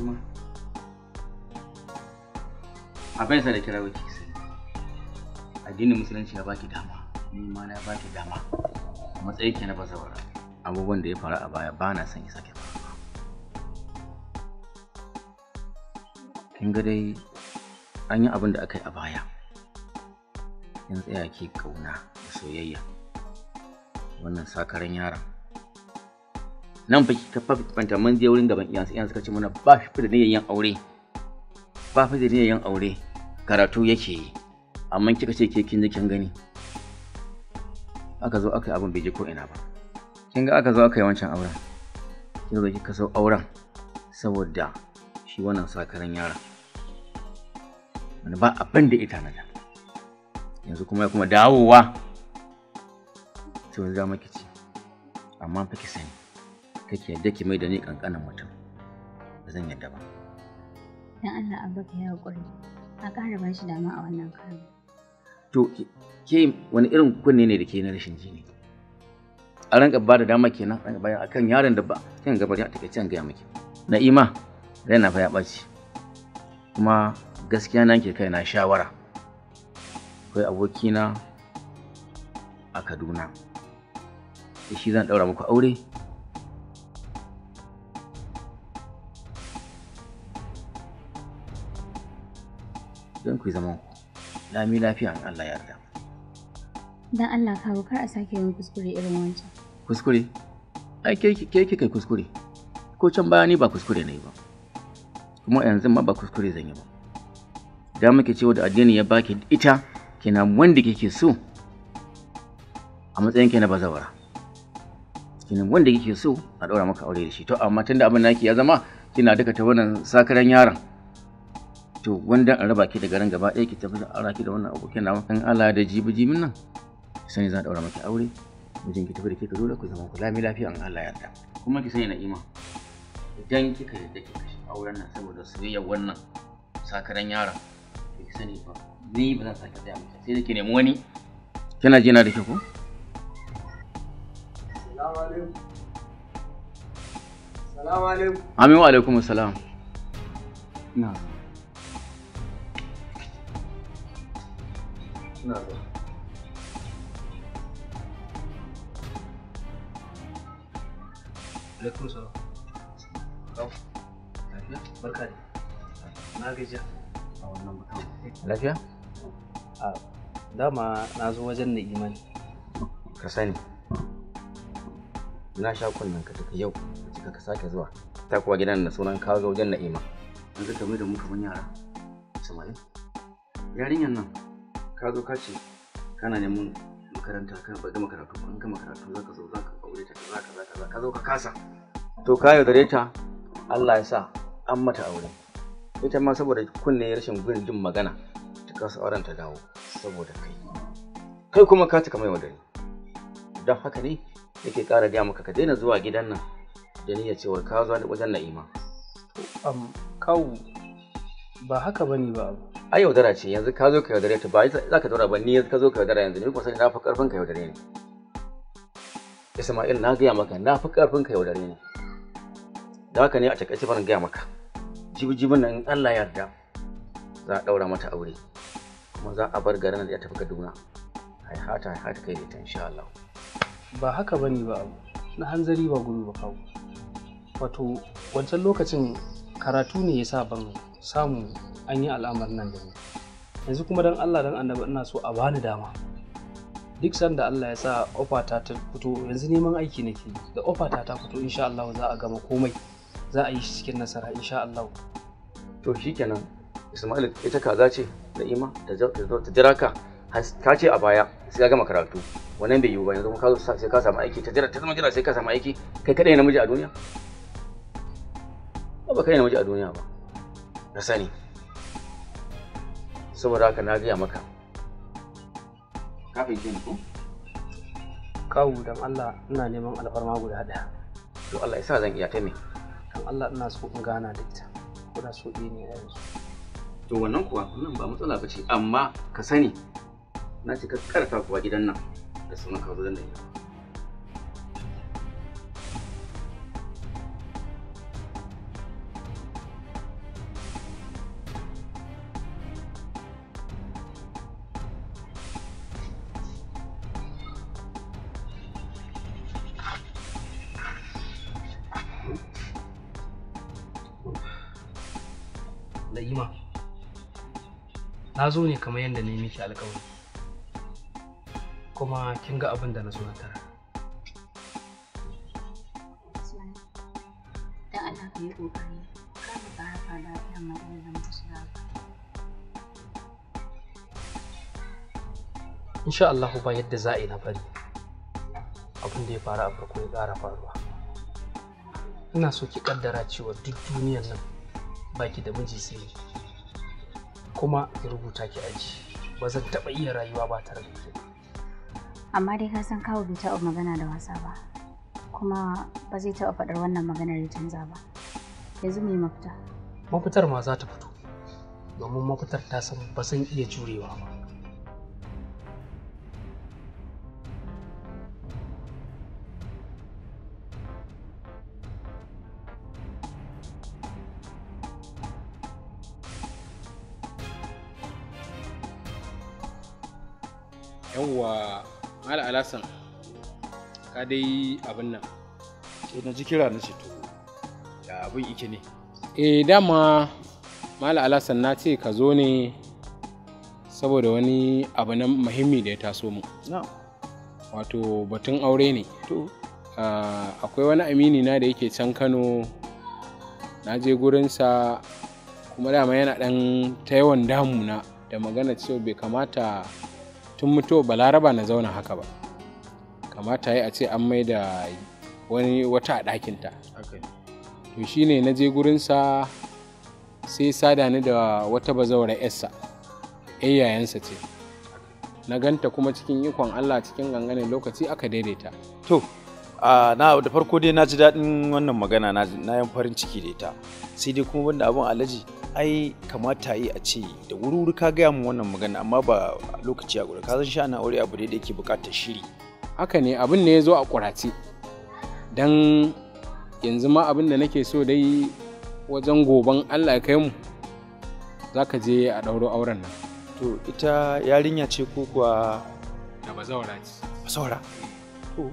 kuma abin sa da kira wake sai addinin musulunci ya baki dama ni ma na baki dama matsayi ke na bazawara abubuwan da ya faru a baya ba na son ya sake faruwa kin ga dai an yi abin da aka yi a baya kin tsaya ke kauna da soyayya wannan sakaran yaron nan ba ka fa kwanta mun je wurin gaban iyansu iyansu suka ce mana ba shi da niyan yin aure ba fi da niyan yin aure karatu yake yi amma kika ce ke kin je kin gani aka zo aka yi abin bai je ko ina ba kin ga aka zo aka yi wancan auren kin zo kika so auren saboda shi wannan sakaran yara wani ba abin da ita na da yanzu kuma ya kuma dawowa to yanzu za maki ci amma fa ki sani kake yadda ki mai da ni kankanin mutum ba zan yadda ba dan Allah an baka ya hakuri a ƙara ba shi dama a wannan karin to ke wani irin kunne ne da ke na rashin jini? a ranka ba da dama kenan ranka bayan akan yaron da ba kan gabar ya take can gaya miki na'ima raina fa ya ɓaci kuma gaskiya na ke kai na shawara akwai abokina a kaduna shi zan daura muku aure don ku zaman ku lami lafiya in Allah ya yarda dan Allah kawo kar a sake yin kuskure irin wancan kuskure ai ke ke kai kuskure ko can baya ni ba kuskure na yi ba kuma yanzu ma ba kuskure zan yi ba da muke cewa da addini ya baki ita kenan wanda kike so a matsayin ke na bazawara kenan wanda kike so a ɗora maka aure da shi to amma tunda abin naki ya zama kina duka ta wannan sakaran yaron to wanda an raba ki da garin gaba ɗaya ki tafi da aura ki da wannan abokin nawa kan Allah da jibi jibin nan sani za a daura maki aure mijin ki tafi da ke ka dole ku zama ku lami lafiya an Allah yarda kuma ki sani na'ima idan kika yarda kika shi auren nan saboda soyayyar wannan sakaran yaron ki sani ba ni ba zan sake tsaya miki sai da ki nemi wani kina ji na da ke ko Salamu alaikum. Salamu alaikum. Amin wa alaikum salam. Na'am. suna zuwa alaikum salam lafiya na gajiya a wannan mutum lafiya a dama na zo wajen na imani ka sani na sha kunnen ka take yau ka ka sake zuwa ta kuwa gidan na sunan kawo zo wajen na'ima an zaka mai da mu kaman yara samarin Yarinyan nan ka zo ka ce kana neman makaranta kana ba gama karatu ba gama karatu za ka zo za ka aure ta za ka za ka za ka zo ka kasa to ka dare ta Allah ya sa an mata aure ita ma saboda kunne rashin gurin jin magana ta kasa auren ta dawo saboda kai kai kuma ka cika mai dare don haka ne yake ƙara gaya maka ka daina zuwa gidan nan da niyyar cewa ka zo wajen na'ima. kawu ba haka bane ba abu ai yaudara ce yanzu ka zo ka yaudare ta ba za ka daura ba ni yanzu ka zo ka yaudara yanzu ni kuma sani na fi karfin ka yaudare ni Isma'il na gaya maka na fi karfin ka yaudare ni da haka ne a takaice barin gaya maka Jibi-jibin nan in Allah yarda za a daura mata aure kuma za a bar garin da ya tafi Kaduna ai hata ai hata kai ne, ta insha Allah ba haka bane ba abu na hanzari ba gudu ba kawo wato wancan lokacin karatu ne yasa ban samu an yi al'amarin nan da ni yanzu kuma don allah don annabi ina so a bani dama duk sanda allah ya sa ofata ta fito yanzu neman aiki nake da ofata ta fito insha allah za a gama komai za a yi shi cikin nasara insha allah to shikenan ismail ita kaza ce da ima ta jira ka ka ce a baya sai ka gama karatu wannan bai yiwu ba yanzu ka sai ka samu aiki ta jira ta zama jira sai ka samu aiki kai kadai namiji a duniya ba kai namiji a duniya ba na sani saboda haka na gaya maka kafin jin ku kawo don Allah ina neman alfarma guda ɗaya to Allah ya sa zan iya ta ne? don Allah ina so in gana da ita ko da so ɗaya ne yanzu to wannan kuwa wannan ba matsala ba ce amma ka sani na ka karfa kuwa gidan nan da sunan ka dan la'ima Na zo ne kamar yadda na miki alƙawari. Kuma kin ga abin da na zo na tara. in sha Insha Allah ba yadda za a yi na fari Abin da ya faru a farko ya ƙara faruwa. Ina so ki ƙaddara cewa duk duniyar nan baki da miji sai kuma ki rubuta ki aji ba zan taɓa iya rayuwa ba tare da ke amma dai ka san kawo bai taɓa magana da wasa ba kuma ba zai taɓa faɗar wannan maganar ya canza ba yanzu mai mafita mafitar ma za ta fito domin mafitar ta san ba zan iya jurewa ba mala alasan ka dai abin nan eh na ji kira na ce to da abin ike ne eh dama mala alasan na ce ka zo ne saboda wani abu na muhimmi da ya taso mu wato batun aure ne ah, akwai wani amini na da yake can kano na je gurinsa kuma dama yana dan ta yawan damuna da magana cewa bai kamata tun mutuwa balaraba na zauna haka ba kamata yi a ce an mai da wani wata a ɗakinta to shi ne na je gurinsa sai sada ni da wata bazawar yarsa yan yayansa ce na ganta kuma cikin ikon allah cikin ganganin lokaci aka daidaita to na da farko dai na ji daɗin wannan magana na yan farin ciki da ita sai dai kuma banda abin alaji ai kamata yi a ce da wuri-wuri ka gaya mu wannan magana amma ba lokaci a gudu ka san sha na aure abu da yake buƙatar shiri haka ne abin ne ya zo a kurace don yanzu ma abin da nake so dai wajen goban allah ya kai mu za ka je a ɗauro auren nan to ita yarinya ce ko kuwa da zaura ce zaura to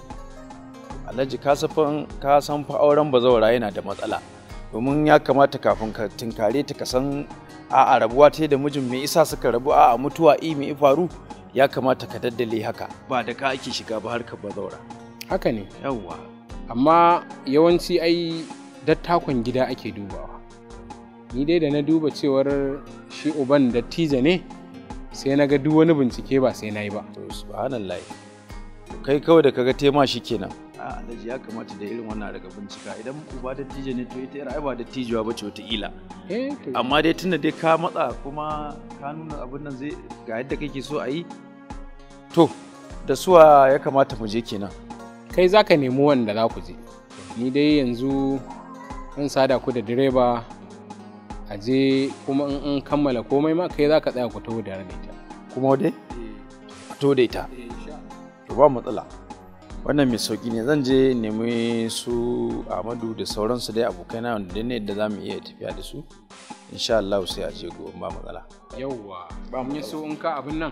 alhaji ka san fa auren bazawara yana da matsala domin ya kamata kafin ka tinkare ta kasan a'a rabuwa ta da mijin mai isa suka rabu a mutuwa i mai faru ya kamata ka daddale haka ba da ka ake shiga ba harkar bazaura haka ne yawwa amma yawanci ai dattakon gida ake dubawa ni dai da na duba cewar shi uban dattijo ne sai na ga duk wani bincike ba sai na yi ba subhanallah kai kawai da kaga tema shi kenan a alhaji ya kamata da irin wannan daga bincika idan uba da tijo ne to ita ai ba da tijuwa ba ce wata ila eh amma dai tunda dai ka matsa kuma ka nuna abin nan zai ga yadda kake so a yi to da suwa ya kamata mu je kenan kai za ka nemi wanda za ku je ni dai yanzu in sada ku da direba a je kuma in an kammala komai ma kai za ka tsaya ku taho da ita kuma dai eh. to da ita eh, to ba matsala wannan mai sauki ne zan je nemi su amadu da sauransu dai abokai na wanda ne da za mu iya tafiya da su insha Allah sai a je gobe ba matsala yawwa ba mu so in ka abin nan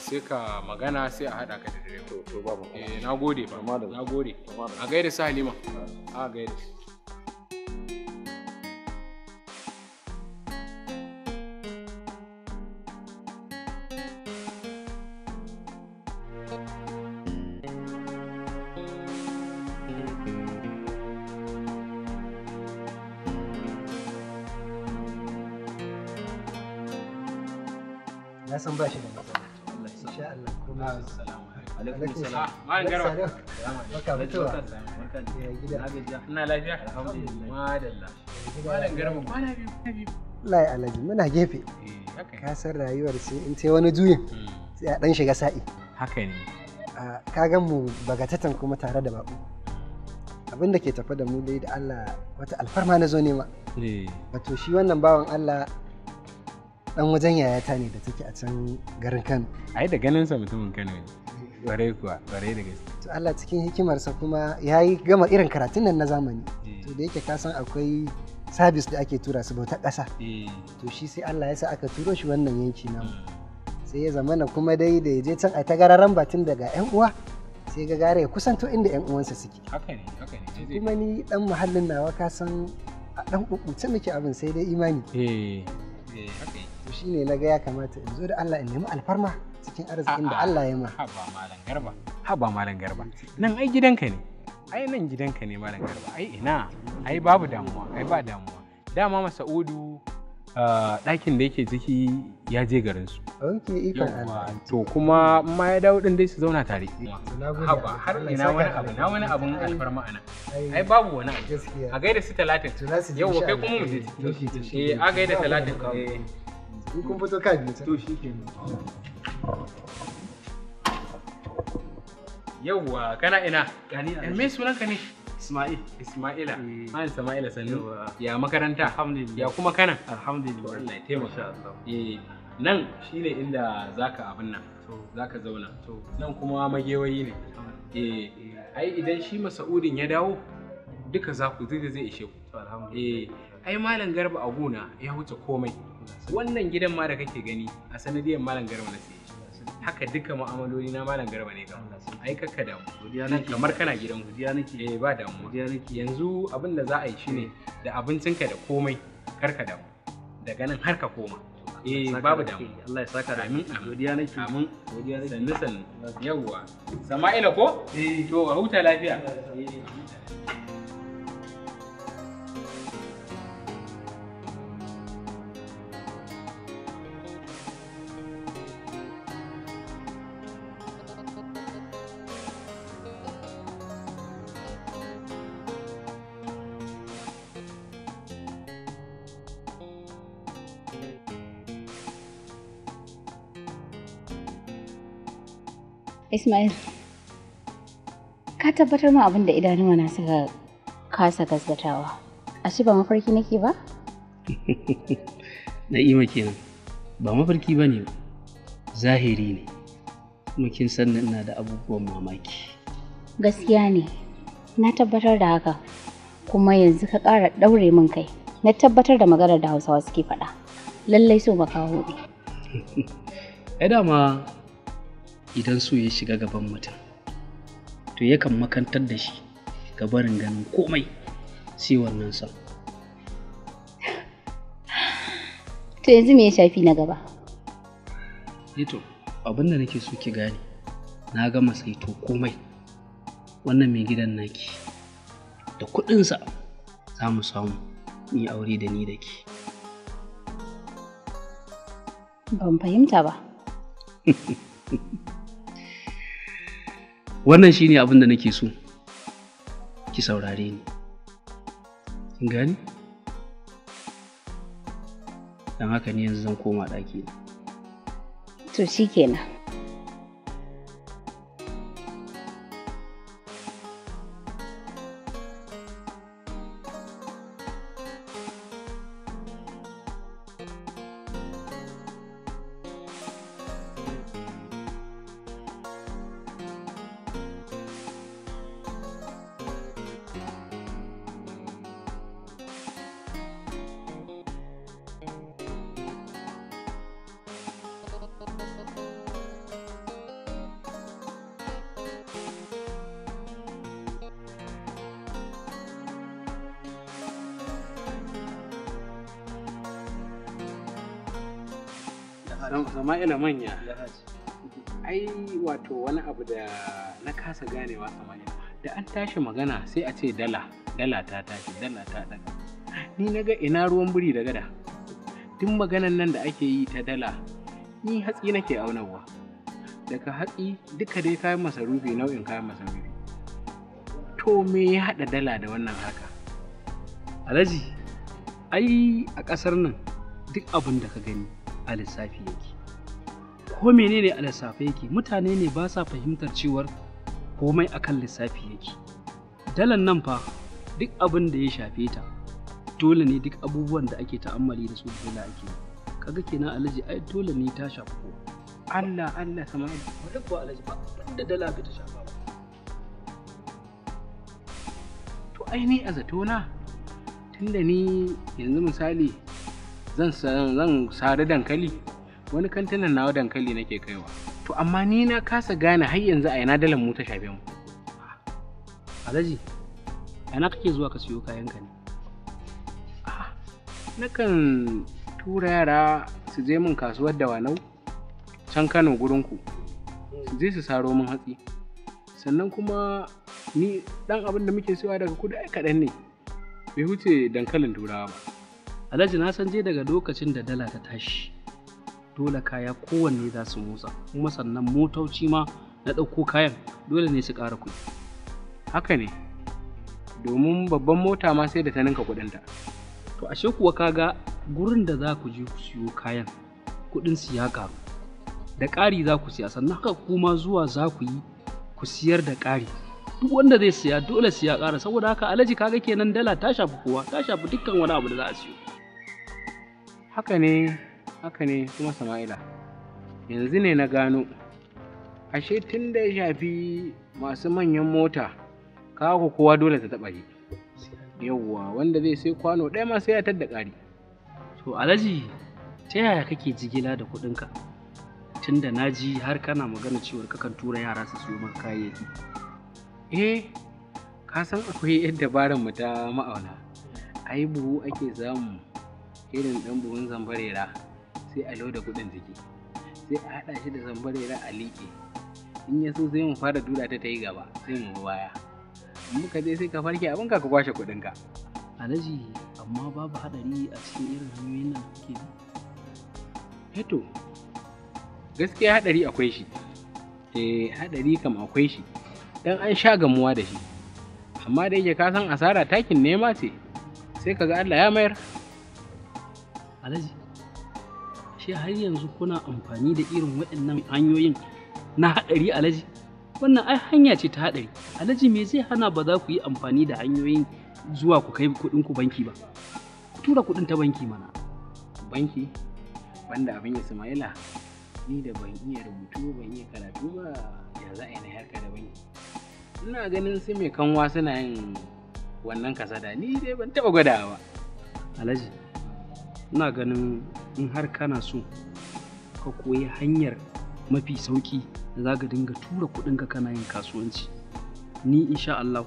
sai ka magana sai a hada ka da dare to ba mu eh nagode ba nagode a gaida su Halima a gaida na san ba shi da matsala kuma assalamu alaikum salam malam garba barka mutuwa ya gida muna gefe eh, ka san rayuwar sai in sai wani juyin hmm. sai a dan shiga sa'i ka gan mu kuma tare da abin da ke tafi da mu dai da Allah wata alfarma na zo nema eh. wato shi wannan bawan Allah dan wajen yayata ne da take a can garin Kano. Ai da ganin sa mutumin Kano ne. Kwarai kuwa, da gaske. To Allah cikin hikimarsa kuma ya gama irin karatun nan na zamani. Eh. To da yake ka san akwai sabis da ake tura su bauta ƙasa. Eh. To shi sai Allah ya sa aka turo shi wannan yanki namu. Hmm. Sai ya zamana kuma dai da ya je can a ta gararan batun daga 'yan uwa. sai ga gare ya kusanto inda 'yan uwansa suke. Haka ne, haka ne. Kuma ni dan muhallin nawa ka san a dan kukuce muke abin sai dai imani. Eh, eh, haka ne. ne na ga ya kamata in zo da Allah in nemi alfarma cikin arzikin da Allah ya ma haba malam garba haba malam garba nan ai gidanka ne ai nan gidanka ne malam garba ai ina ai babu damuwa ai ba damuwa dama sa'udu ah, ɗakin da yake ciki ya je garin su. Ok, ikon Allah. To kuma ma ya dawo ɗin dai su zauna tare. Haba har ina wani abu na wani abun alfarma ana. Ai babu wani abu. A gaida su talatin. Yau kai kuma mu je. Eh, eh a gaida talatin. in kun fito ka biyu to shi yawwa kana ina gani a eh, me sunan ka ne Ismail Ismaila Mai mm. Ismaila sannu ya makaranta alhamdulillah ya kuma kana alhamdulillah ta masha Allah. eh nan shine inda zaka abin nan zaka zauna nan kuma magewayi ne eh ai idan shi Masaudin ya dawo duka za ku zai zai ishe ku eh ai malam Garba a gona ya huce komai wannan gidan ma da kake gani a sanadiyar malam garba na siye, haka duka mu'amaloli na malam garba ne ga ai kakka damu kamar kana gidan godiya nake eh ba damu godiya nake yanzu abin da za a yi shine da abincinka da komai karka damu daga nan har ka koma eh babu damu Allah ya saka da amin godiya nake amin godiya nake sannu sannu yawwa sama'ila ko eh to a huta lafiya eh Ismail, ka tabbatar ma abin da idanuwa na suka kasa gasgatawa. Ashe ba mafarki nake ba? Na'ima kenan. Ba mafarki ba ne, zahiri ne. Kuma kin san ina da abubuwan mamaki. Gaskiya ne, na tabbatar da haka. Kuma yanzu ka ƙara ɗaure min kai. Na tabbatar da maganar da Hausawa suke faɗa. Lallai so ba makaho ne. Ai dama idan so ya shiga gaban mutum to yakan makantar da shi ga barin ganin komai sai wannan sa. to yanzu me ya shafi na gaba eh to abin da nake so ki gane na gama saito komai wannan mai gidan naki da kuɗinsa za mu samu ni aure da ni da ke ban fahimta ba wannan shi ne abin da nake so ki saurare ni gani don haka ne yanzu zan koma ɗaki to shikenan sama'ila manya ai wato wani abu da na kasa ganewa sama'ila da an tashi magana sai a ce dala dala ta tashi dala ta daga ni na ga ina ruwan biri da gada duk maganan nan da ake yi ta dala ni hatsi nake aunarwa daga hatsi duka dai kayan masarufi nau'in kayan masarufi to me ya haɗa dala da wannan haka alhaji ai a ƙasar nan duk abin da ka gani a lissafi yake ko menene a lissafi yake mutane ne ba sa fahimtar cewar komai akan lissafi yake dalan nan fa duk abin da ya shafe ta dole ne duk abubuwan da ake ta'ammali da su dole ake kaga kenan alaji ai dole ne ta shafi ko Allah Allah kamar wani ba alaji ba da dala ga ta shafa ba to ai ni a zatona tunda ni yanzu misali zan zan sari dankali wani kantinan nawa dankali nake kaiwa to amma ni na kasa gane har yanzu a yana dalan mu ta shafe mu alhaji yana kake zuwa ka siyo kayan ka ne ah, nakan tura yara su je min kasuwar da wanau can kano gurin ku su je su saro min hatsi sannan kuma ni dan abin da muke siyowa daga kudu ai kaɗan ne bai huce dankalin turawa ba alhaji na san je daga lokacin da dala ta tashi dole kaya kowanne za su motsa kuma sannan motoci ma na ɗauko kayan dole ne su ƙara kuɗi haka ne domin babban mota ma sai da ta ninka kuɗinta to ashe kuwa kaga gurin da za ku je ku siyo kayan kuɗin su ya ƙaru da ƙari za ku siya sannan haka kuma zuwa za ku yi ku siyar da ƙari duk wanda zai siya dole siya ƙara saboda haka alhaji kaga kenan dala ta shafi kowa ta shafi dukkan wani abu da za a siyo Haka ne, haka ne kuma Sama'ila. Yanzu ne na gano, ashe tun da ya shafi masu manyan mota, kawo kowa dole ta taɓa yi. Yawwa wanda zai sai kwano ɗaya ma sai ya tadda ƙari. To Alhaji, ta yaya kake jigila da kuɗinka? Tun da na ji har kana magana cewar kakan tura yara su siyo maka kayayyaki. Eh, ka san akwai yadda dabarar mu ta ma'auna. Ai buhu ake zamu. irin ɗan buhun zambarera sai a loda kuɗin jiki, sai a haɗa shi da zambarera a liƙe in ya so sai mu fara dura ta ta yi gaba sai mu baya muka je sai ka farke abin ka ka kwashe ka alhaji amma babu haɗari a cikin irin hanyoyin nan kuke bi heto eh gaskiya haɗari akwai shi eh haɗari kam akwai shi dan an sha gamuwa da shi amma da yake ka san asara takin nema ce sai kaga Allah ya mayar alaji shi har yanzu kuna amfani da irin waɗannan hanyoyin na haɗari alaji wannan ai hanya ce ta haɗari alaji me zai hana ba za ku yi amfani da hanyoyin zuwa ku kai kuɗin ku banki ba tura kuɗin ta banki mana banki banda abin ismaila ni da ban iya rubutu ban iya karatu ba ya za a yi na harka da banki ina ganin su mai kanwa suna yin wannan kasada ni dai ban taɓa gwadawa ba ina ganin in har kana so ka koyi hanyar mafi sauki da za ka dinga tura kuɗinka kana yin kasuwanci ni insha Allah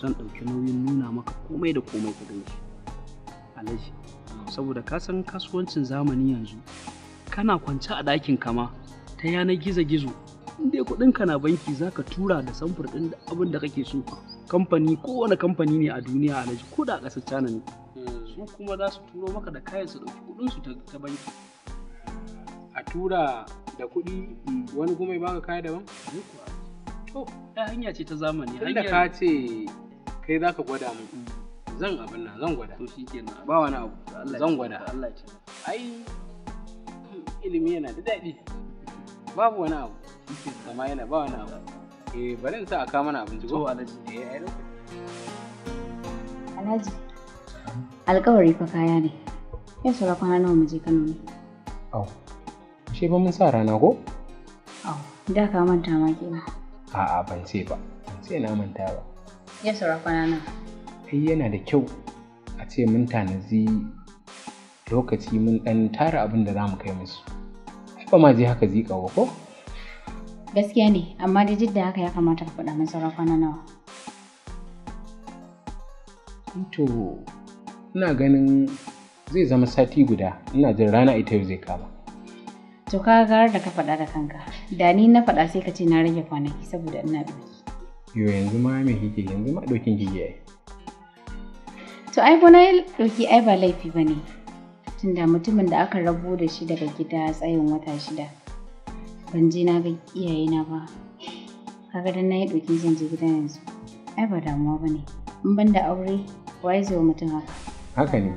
zan ɗauki nauyin nuna maka komai da komai ka ganki alaji saboda ka san kasuwancin zamani yanzu kana kwance a ɗakin kama ta yanar gizo-gizo inda ka na banki za ka tura da samfur ɗin abin da kake so kamfani kowane kamfani ne a duniya alaji ko da a ƙasar cana ne su kuma za su turo maka da kayan su ɗauki kuɗin su ta banki a tura da kuɗi wani kuma ya baka kaya daban to ai hanya ce ta zamani hanya ka ce kai zaka gwada mu zan abin nan zan gwada to shikenan ba wani abu zan gwada Allah ya ai ilimi yana da daɗi babu wani abu kama yana ba wani abu eh bari in sa aka mana abinci ko alaji. eh alhaji alkawari fa kaya ne ya saura kwana nawa muje Kano ne au shi ba mun sa rana ko au da ka manta ma kenan a'a ban ce ba ban ce na manta ba ya saura kwana nawa kai yana da kyau a ce mun tanazi lokaci mun dan tara abin da za mu kai musu ba ma je haka zika ba ko gaskiya ne amma da jidda haka ya kamata ka faɗa mun saura kwana nawa to ina ganin zai zama sati guda ina jin rana ita yau zai kama to ka gara da ka faɗa da kanka da ni na faɗa sai ka ce na rage kwanaki saboda ina ɗauki yo yanzu ma me kike yanzu ma dokin kike yayi to ai ko na ai ba laifi ba ne tunda mutumin da aka rabu da shi daga gida tsayin wata shida ban je na ga iyayena ba kaga dan na yi zan je gida yanzu ai ba damuwa bane in ban da aure waye zo mutum haka haka ne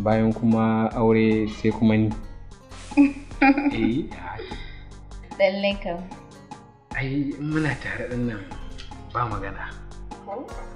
bayan kuma aure sai kuma ni eh, lallai ai muna tare ɗin nan ba magana hmm?